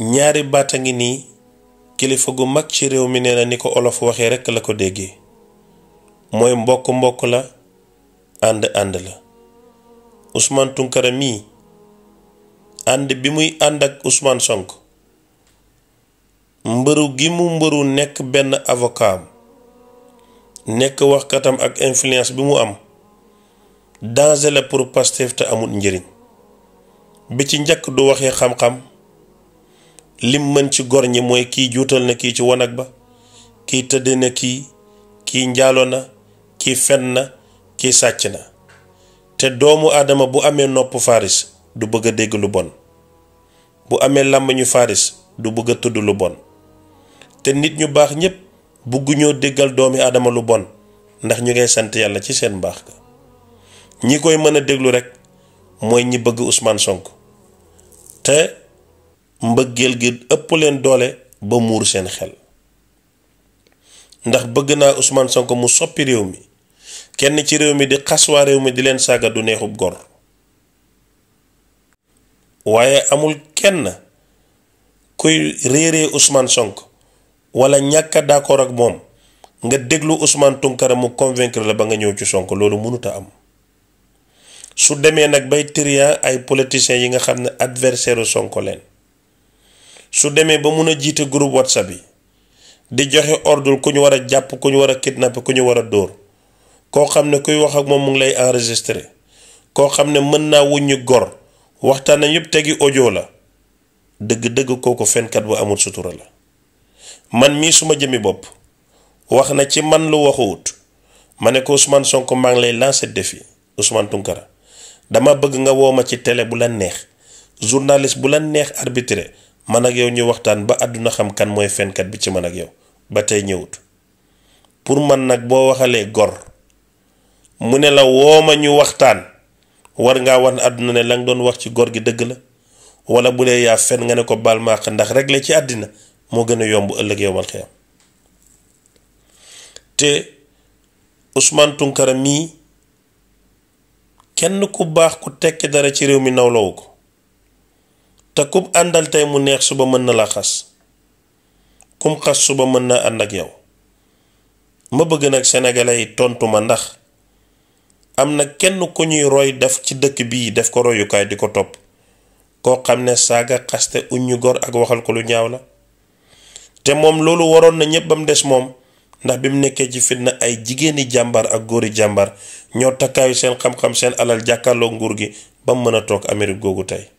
ñaari baat a ngi nii kilifa gu mag ci réew mi nee na ni ko olof waxee rekk la ko déggee mooy mbokk mbokk la ànd ànd la Ousmane Tounkara mii ànd bi muy ànd ak Ousmane Sonko mbëru gi mu mbëru nekk benn avocat am nekk waxkatam ak influence bi mu am danger la pour Pastef te amul njëriñ bi ci njëkk du waxee xam-xam lim mën ci gor ñi mooy kii juutal na kii ci wanag ba kii tëdd na kii kii njaalo na kii fen na kii sàcc na te doomu aadama bu amee nopp faris du bëgg a dégg lu bon bu amee làmmiñu faris du bëgg a tudd lu bon te nit ñu baax ñépp bëgguñoo déggal doomi aadama lu bon ndax ñu ngay sant yàlla ci seen mbaax ga ñi koy mën a déglu rekk mooy ñi bëgg usmaan sonk te mbëggeel gi ëpp leen doole ba muur seen xel ndax bëgg naa Ousmane sonk mu soppi réew mi kenn ci réew mi di xas waa réew mi di leen saaga du neexub gor waaye amul kenn kuy réeree Ousmane sonk walla ñàkk a d'accord ak moom nga déglu Ousmane Tounkara mu convaincre la ba nga ñëw ci sonk loolu mënut a am su demee nag bay tëriyaa ay politiciens yi nga xam ne adversaire sonk leen su demee ba mun a jiite groupe whatsapp yi di joxe ordul ku ñu war a jàpp ku ñu war a kidnappé ku ñu war a dóor koo xam ne kuy wax ak moom mu ngi lay enregistré koo xam ne mën naa wuññi gor waxtaan nañ yëpp tegi ojo la dëgg-dëgg kooku fenkat bu amul sutura la man mii suma jëmi bopp wax na ci man lu waxuwut ma ne ko Ousmane Sonko maa ngi lay lancer défi Ousmane Tunkara dama bëgg nga woo ma ci télé bu la neex journaliste bu la neex arbitré man ak yow ñu waxtaan ba àdduna xam kan mooy fenkat bi ci mën ak yow ba tey ñëwut pour man nag boo waxalee gor mu ne la woo ma ñu waxtaan war ngaa wax ne àdduna ne la nga doon wax ci gor gi dëgg la wala bu dee yaa fen nga ne ko baal maax ndax régler ci àddina moo gën a yomb ëllëg yowmal xiyam te Ousmane Tunkara mii kenn ku baax ku tekki dara ci réew mi nawlawu ko te kum àndal tey mu neex suba mën na la xas kum xas suba mën na ànd ak yow ma bëgg nag sénégalais yi tontu ma ndax am na kenn ku ñuy roy def ci dëkk bii def ko royukaay di ko topp koo xam ne saaga xaste uñu gor ak waxal ko lu ñaaw la te moom loolu waroon na ñëpp ba mu des moom ndax bi mu nekkee ci fitna ay jigéeni jàmbar ak góori jàmbar ñoo takkaayu seen xam-xam seen alal jàkkaarloo nguur gi ba mu mën a toog Amérique googu tey